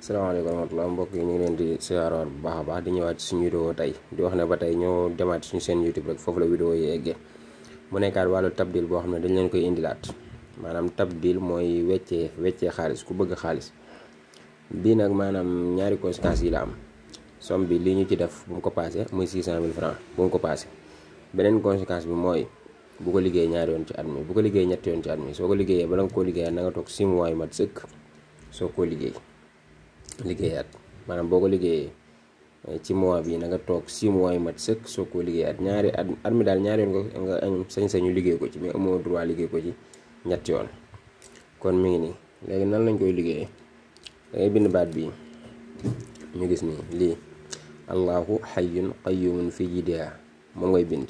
salaamaaleykum wa rahmatulah mbokk yi ñu ngi leen di siyaaraat bu baax a baax di ñëwaat suñu vidéo tey di wax ne ba tey ñoo demaat suñu seen YouTube rek foofu la vidéo yi eggee mu nekkaat wàllu tabdil boo xam ne dañu leen koy indilaat maanaam tabdil mooy weccee weccee xaalis ku bëgg xaalis bii nag maanaam ñaari conséquences yi la am somme bi li ñu ci def bu mu ko paase muy 600000 francs bu mu ko paase beneen conséquence bi mooy bu ko liggéey ñaari yoon ci at bu ko liggéey ñetti yoon ci at mi soo ko liggéeyee bala nga koo liggéeyaat na nga toog 6 mois yu mat soo ko liggéey. liggéeyaat maanaam boo ko liggéeyee eh, ci mois bii na nga toog 6 mois mat sëkk soo ko liggéeyaat ñaari at at mi daal ñaari yoon nga nga am sañ-sañu liggéey ko ci mais amoo droit liggéey ko ci ñetti yoon kon mi ngi nii léegi nan lañ koy liggéeyee da bind baat bi ñu gis nii lii allahu xayyun qayyumun fi jidia moom ngay bind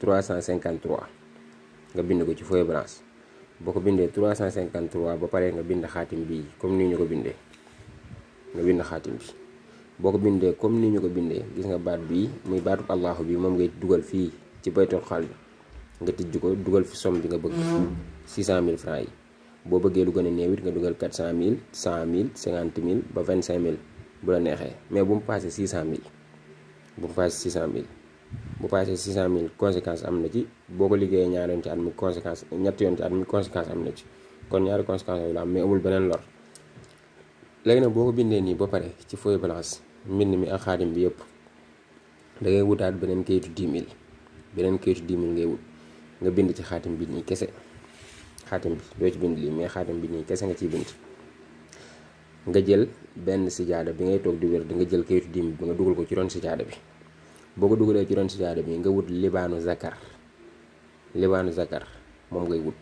353 nga bind ko ci feuille blanche boo ko bindee 353 ba pare nga bind xaatim bii comme nii ñu ko bindee nga bind xaatim bi boo ko bindee comme ni ñu ko bindee gis nga baat bii muy baatu allah bi moom ngay dugal fii ci baytul xaal bi nga tijj ko dugal fi som bi nga bëgg 600000 francs yi boo bëggee lu gën a néew nga dugal 400000 100000 50000 ba 25000 bu la neexee mais bu mu passé 600000 bu mu passé 600000 bu passé 600000 conséquence am na ci boo ko liggéeyee ñaari yoon ci at mi conséquence ñetti yoon ci at mi conséquence am na ci kon ñaari conséquence yooyu la mais amul beneen lor. léegi nag boo ko bindee nii ba pare ci feuille blanche mbind mi ak xaatim bi yëpp da wutaat beneen kayitu 10000 beneen kayitu 10000 ngay wut nga bind ci xaatim bi nii kese xaatim bi doo ci bind mais xaatim bi nii kese nga ciy bind nga jël benn sijaada bi ngay toog di wér di nga jël kayitu 10000 bi nga dugal ko ci ron sijaada bi boo ko dugalee ci ron sijaada bi nga wut libaanu zakar libaanu zakar moom ngay wut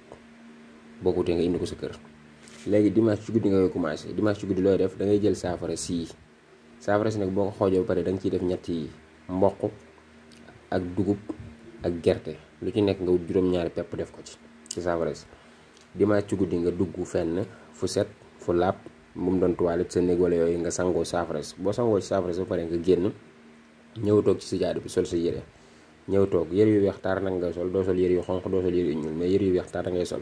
boo nga indi ko sa kër léegi dimanche ci guddi nga koy commencé dimanche ci guddi looy def da ngay jël saafara sii saafara si nag boo ko xoojoo ba pare danga nga def ñetti yi mboq ak dugub ak gerte lu ci nekk nga wut juróom-ñaari pepp def ko ci ci saafara si dimanche ci guddi nga dugg fenn fu set fu laab bu mu doon toilette sa néeg yooyu nga sangoo saafara si boo sangoo ci saafara si ba pare nga génn ñëw toog ci sijaada bi sol sa yére ñëw toog yére yu weex taar nag ngay sol doo sol yére yu xonq doo sol yére yu ñuul mais yére ngay sol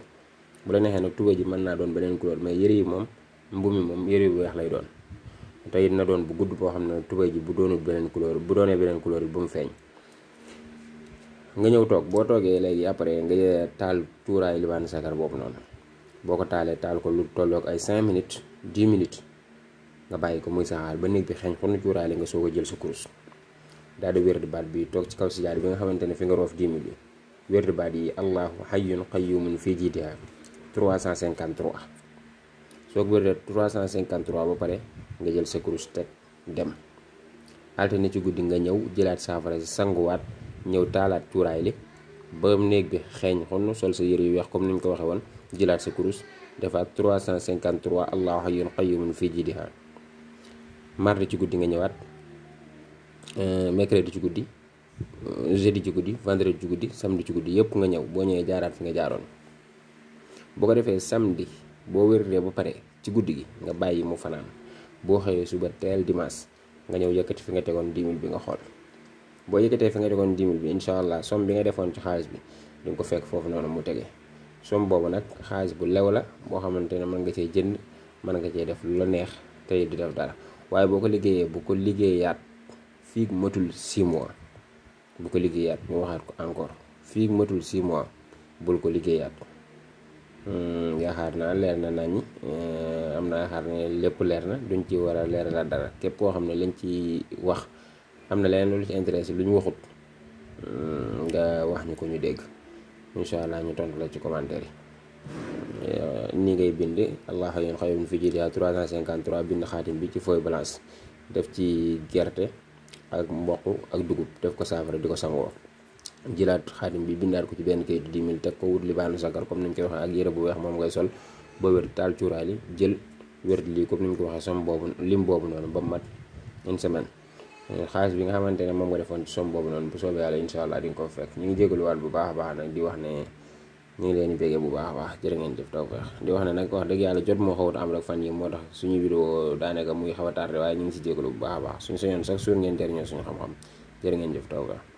bu la neexee nag tubéy ji mën naa doon beneen couleur mais yëre yi moom mbu mi moom yëre bu weex lay doon te na doon bu gudd boo xam ne tubéy ji bu doonul beneen couleur bu doonee beneen couleur bu mu feeñ nga ñëw toog boo toogee léegi après nga taal cuuraayu libaanu sakar boobu noonu boo ko taalee taal ko lu tolloog ay 5 minutes 10 minutes nga bàyyi ko muy saxaar ba néeg bi xeeñ xunu cuuraay la nga soo a jël sa kurus daal di wér baat bi toog ci kaw si jaar bi nga xamante ne fi nga roof 10 minutes wér di baat yi allahu hayyun qayyumun fii jiitiha 353 soo ko wérdee 353 ba pare nga jël sa kurus teg dem altine ci guddi nga ñëw jëlaat saafara si sanguwaat ñëw taalaat cuuraay li ba néeg bi xeeñ xonn sol sa yére yu weex comme ni ñu ko waxee woon jëlaat sa kurus defaat 353 allahu hayyun nu fii jii di jidiha mardi ci guddi nga ñëwaat euh, mercredi ci guddi euh, jeudi ci guddi vendredi ci guddi samedi ci guddi yëpp nga ñëw boo ñëwee jaaraat fi nga jaaroon boo ko defee samedi boo wérdee ba pare ci guddi gi nga bàyyi mu fanaan boo xëyee suba teel dimanche nga ñëw yëkkati fi nga tegoon 10 bi nga xool boo yëkkatee fi nga tegoon 10 bi incha allah somme bi nga defoon ci xaalis bi di nga ko fekk foofu noonu mu tege some boobu nag xaalis bu lew la boo xamante ne mën nga cee jënd mën nga cee def lu neex tey di def dara waaye boo ko liggéeyee bu ko liggéeyaat fii matul 6 mois bu ko liggéeyaat mu waxaat ko encore fii matul 6 mois bul ko liggéeyaat. Hmm, ya naa lerna na nañi eh, am na yaakaar ne lépp duñ ci wara lerna leeralaat dara kep ko xamne lañ ci wax amna leneen lu ci intéressé lu ñu waxut hmm, nga wax ñu ko ñu dégg inshallah allah ñu tontu la ci commentaire yi eh, nii ngay bind Allah hayyun xayum fi jëlee 353 bind khatim bi ci foy balance def ci gerté ak mbokk ak dugub def ko safara diko sango jëlaat xaatim bi bindaat ko ci benn kayit dix mille teg ko wut libaanu sagar comme ni ñu koy waxee ak yére bu weex moom ngay sol ba wér taal cuuraay li jël wér lii comme ni ñu ko waxee som boobu lim boobu noonu ba mat une semaine xaalis bi nga xamante ne moom nga defoon ci som boobu noonu bu soobee yàlla incha allah di nga ko fekk ñu ngi jégaluwaat bu baax a baax nag di wax ne ñu ngi leen di bu baax baax jërë ngeen jëf tawfeex di wax ne nag wax dëgg yàlla jot moo xawut am rek fan yi moo tax suñu vidéo daanaka muy xaw a tardé waaye ñu ngi si jégalu bu baax baax suñu sañoon sax suur ngeen jëriñoo suñu xam